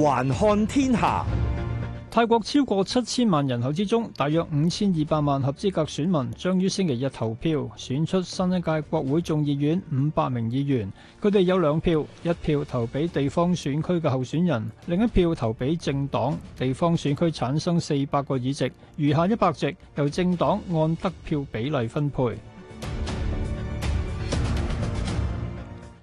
環看天下，泰國超過七千萬人口之中，大約五千二百萬合資格選民將於星期日投票，選出新一屆國會眾議院五百名議員。佢哋有兩票，一票投俾地方選區嘅候選人，另一票投俾政黨。地方選區產生四百個議席，餘下一百席由政黨按得票比例分配。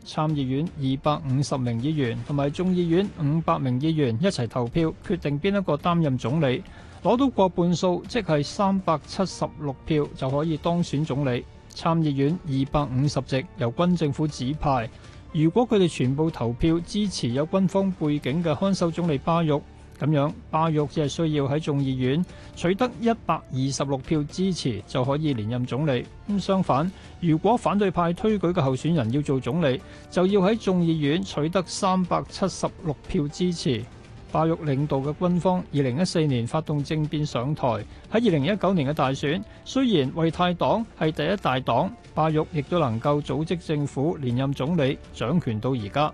參議院二百五十名議員同埋眾議院五百名議員一齊投票決定邊一個擔任總理，攞到過半數，即係三百七十六票就可以當選總理。參議院二百五十席由軍政府指派，如果佢哋全部投票支持有軍方背景嘅看守總理巴育。咁樣巴玉只係需要喺眾議院取得一百二十六票支持就可以連任總理。咁相反，如果反對派推舉嘅候選人要做總理，就要喺眾議院取得三百七十六票支持。巴玉領導嘅軍方二零一四年發動政變上台，喺二零一九年嘅大選，雖然維泰黨係第一大黨，巴玉亦都能夠組織政府連任總理，掌權到而家。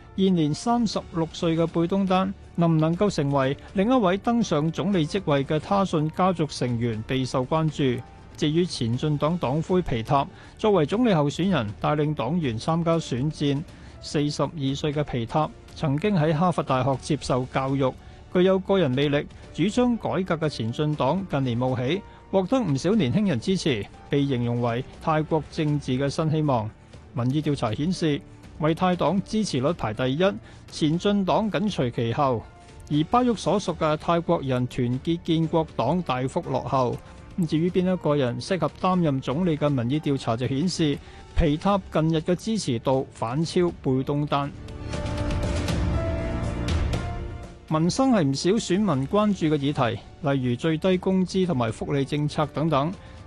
現年三十六歲嘅貝東丹能唔能夠成為另一位登上總理職位嘅他信家族成員備受關注。至於前進黨黨魁皮塔作為總理候選人帶領黨員參加選戰，四十二歲嘅皮塔曾經喺哈佛大學接受教育，具有個人魅力，主張改革嘅前進黨近年冒起，獲得唔少年輕人支持，被形容為泰國政治嘅新希望。民意調查顯示。為泰黨支持率排第一，前進黨緊隨其後，而巴育所屬嘅泰國人團結建國黨大幅落後。咁至於邊一個人適合擔任總理嘅民意調查就顯示，皮塔近日嘅支持度反超貝東丹。民生係唔少選民關注嘅議題，例如最低工資同埋福利政策等等。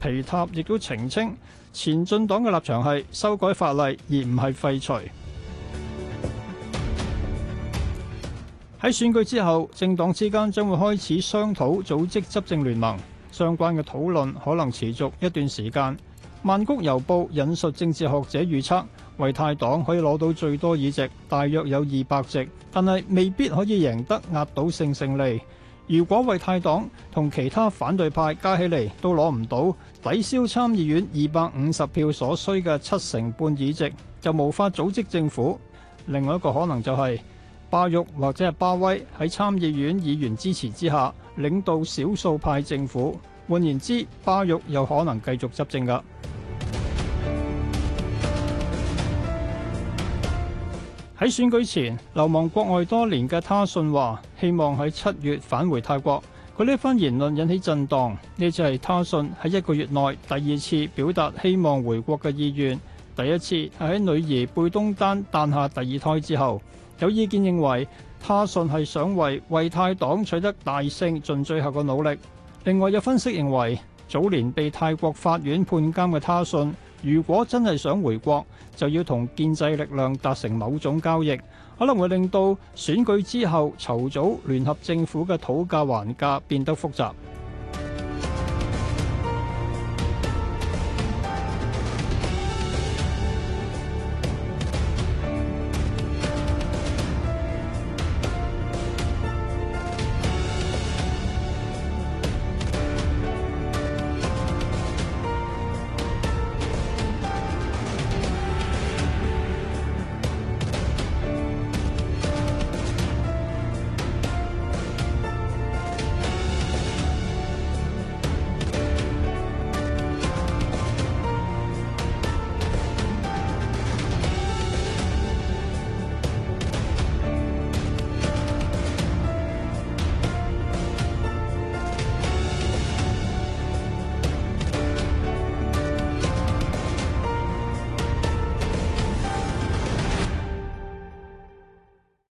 皮塔亦都澄清，前進黨嘅立場係修改法例，而唔係廢除。喺選舉之後，政黨之間將會開始商討組織執政聯盟，相關嘅討論可能持續一段時間。曼谷郵報引述政治學者預測，為泰黨可以攞到最多議席，大約有二百席，但係未必可以贏得壓倒性勝利。如果維泰黨同其他反對派加起嚟都攞唔到抵消參議院二百五十票所需嘅七成半議席，就無法組織政府。另外一個可能就係巴育，或者係巴威喺參議院議員支持之下，領導少數派政府。換言之，巴育有可能繼續執政㗎。喺選舉前流亡國外多年嘅他信話，希望喺七月返回泰國。佢呢番言論引起震盪，呢就係他信喺一個月內第二次表達希望回國嘅意願。第一次係喺女兒貝東丹誕下第二胎之後。有意見認為他信係想為為泰黨取得大勝盡最後嘅努力。另外有分析認為。早年被泰國法院判監嘅他信，如果真係想回國，就要同建制力量達成某種交易，可能會令到選舉之後籌組聯合政府嘅討價還價變得複雜。